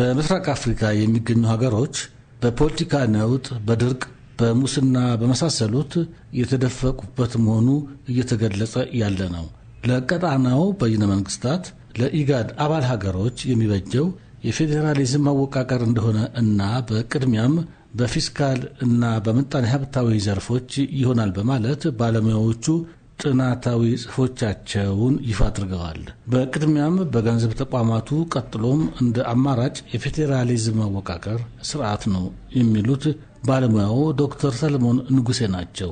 በምስራቅ አፍሪካ የሚገኙ ሀገሮች በፖለቲካ ነውጥ፣ በድርቅ፣ በሙስና በመሳሰሉት የተደፈቁበት መሆኑ እየተገለጸ ያለ ነው። ለቀጣናው በይነ መንግስታት ለኢጋድ አባል ሀገሮች የሚበጀው የፌዴራሊዝም አወቃቀር እንደሆነ እና በቅድሚያም በፊስካል እና በምጣኔ ሀብታዊ ዘርፎች ይሆናል በማለት ባለሙያዎቹ ጥናታዊ ጽሑፎቻቸውን ይፋ አድርገዋል። በቅድሚያም በገንዘብ ተቋማቱ ቀጥሎም እንደ አማራጭ የፌዴራሊዝም አወቃቀር ስርዓት ነው የሚሉት ባለሙያው ዶክተር ሰለሞን ንጉሴ ናቸው።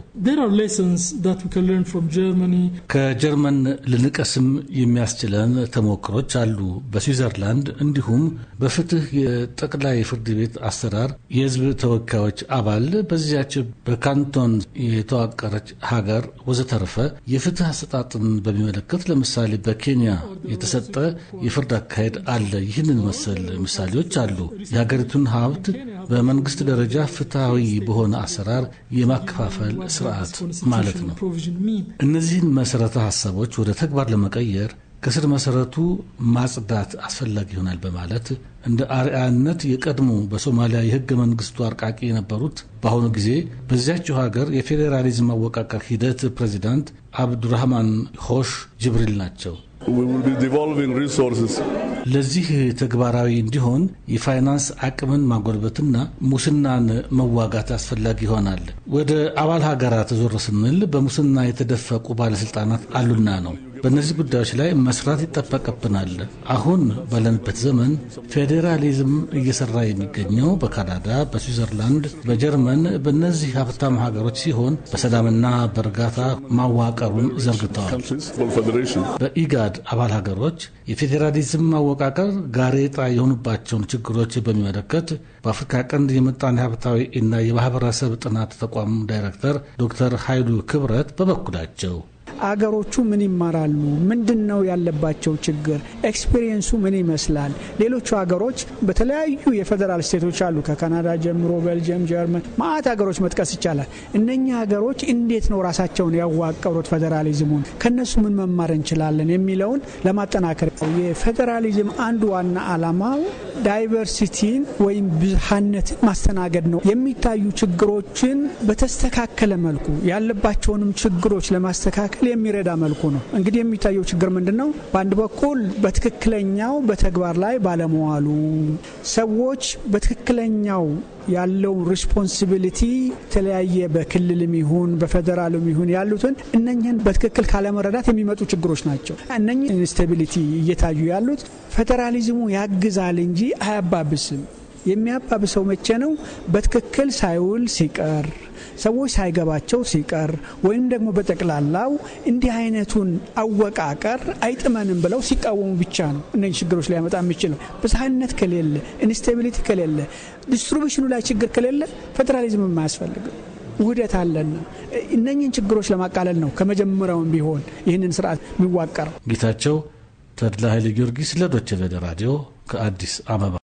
ከጀርመን ልንቀስም የሚያስችለን ተሞክሮች አሉ። በስዊዘርላንድ እንዲሁም በፍትህ የጠቅላይ ፍርድ ቤት አሰራር የህዝብ ተወካዮች አባል በዚያች በካንቶን የተዋቀረች ሀገር ወዘተረፈ የፍትህ አሰጣጥን በሚመለከት ለምሳሌ በኬንያ የተሰጠ የፍርድ አካሄድ አለ። ይህንን መሰል ምሳሌዎች አሉ። የሀገሪቱን ሀብት በመንግስት ደረጃ ፍትሐዊ በሆነ አሰራር የማከፋፈል ስርዓት ማለት ነው። እነዚህን መሰረተ ሀሳቦች ወደ ተግባር ለመቀየር ከስር መሰረቱ ማጽዳት አስፈላጊ ይሆናል በማለት እንደ አርአያነት የቀድሞ በሶማሊያ የህገ መንግስቱ አርቃቂ የነበሩት በአሁኑ ጊዜ በዚያችው ሀገር የፌዴራሊዝም አወቃቀር ሂደት ፕሬዚዳንት አብዱራህማን ሆሽ ጅብሪል ናቸው። ለዚህ ተግባራዊ እንዲሆን የፋይናንስ አቅምን ማጎልበትና ሙስናን መዋጋት አስፈላጊ ይሆናል። ወደ አባል ሀገራት ዞር ስንል በሙስና የተደፈቁ ባለስልጣናት አሉና ነው። በእነዚህ ጉዳዮች ላይ መስራት ይጠበቅብናል። አሁን ባለንበት ዘመን ፌዴራሊዝም እየሰራ የሚገኘው በካናዳ፣ በስዊዘርላንድ፣ በጀርመን በእነዚህ ሀብታም ሀገሮች ሲሆን በሰላምና በእርጋታ ማዋቀሩን ዘርግተዋል። በኢጋድ አባል ሀገሮች የፌዴራሊዝም ማወቃቀር ጋሬጣ የሆኑባቸውን ችግሮች በሚመለከት በአፍሪካ ቀንድ የምጣኔ ሀብታዊ እና የማህበረሰብ ጥናት ተቋም ዳይሬክተር ዶክተር ኃይሉ ክብረት በበኩላቸው አገሮቹ ምን ይማራሉ? ምንድን ነው ያለባቸው ችግር? ኤክስፒሪየንሱ ምን ይመስላል? ሌሎቹ አገሮች በተለያዩ የፌዴራል ስቴቶች አሉ። ከካናዳ ጀምሮ ቤልጅየም፣ ጀርመን ማአት ሀገሮች መጥቀስ ይቻላል። እነኛ ሀገሮች እንዴት ነው ራሳቸውን ያዋቀሩት? ፌዴራሊዝሙን ከነሱ ምን መማር እንችላለን የሚለውን ለማጠናከር የፌዴራሊዝም አንዱ ዋና ዓላማው ዳይቨርሲቲን ወይም ብዝሃነትን ማስተናገድ ነው። የሚታዩ ችግሮችን በተስተካከለ መልኩ ያለባቸውንም ችግሮች ለማስተካከል የሚረዳ መልኩ ነው። እንግዲህ የሚታየው ችግር ምንድን ነው? በአንድ በኩል በትክክለኛው በተግባር ላይ ባለመዋሉ ሰዎች በትክክለኛው ያለው ሪስፖንሲቢሊቲ የተለያየ በክልልም ይሁን በፌዴራልም ይሁን ያሉትን እነኝህን በትክክል ካለመረዳት የሚመጡ ችግሮች ናቸው። እነኝህ ኢንስታቢሊቲ እየታዩ ያሉት ፌዴራሊዝሙ ያግዛል እንጂ አያባብስም። የሚያባብሰው መቼ ነው? በትክክል ሳይውል ሲቀር ሰዎች ሳይገባቸው ሲቀር ወይም ደግሞ በጠቅላላው እንዲህ አይነቱን አወቃቀር አይጥመንም ብለው ሲቃወሙ ብቻ ነው እነዚህ ችግሮች ሊያመጣ የሚችለው። ብዝሃነት ከሌለ፣ ኢንስቴቢሊቲ ከሌለ፣ ዲስትሪቢሽኑ ላይ ችግር ከሌለ ፌዴራሊዝም የማያስፈልግም ውህደት አለና እነኝን ችግሮች ለማቃለል ነው ከመጀመሪያውም ቢሆን ይህንን ስርዓት የሚዋቀረው። ጌታቸው ተድላ ኃይለ ጊዮርጊስ ለዶቸ ቬለ ራዲዮ ከአዲስ አበባ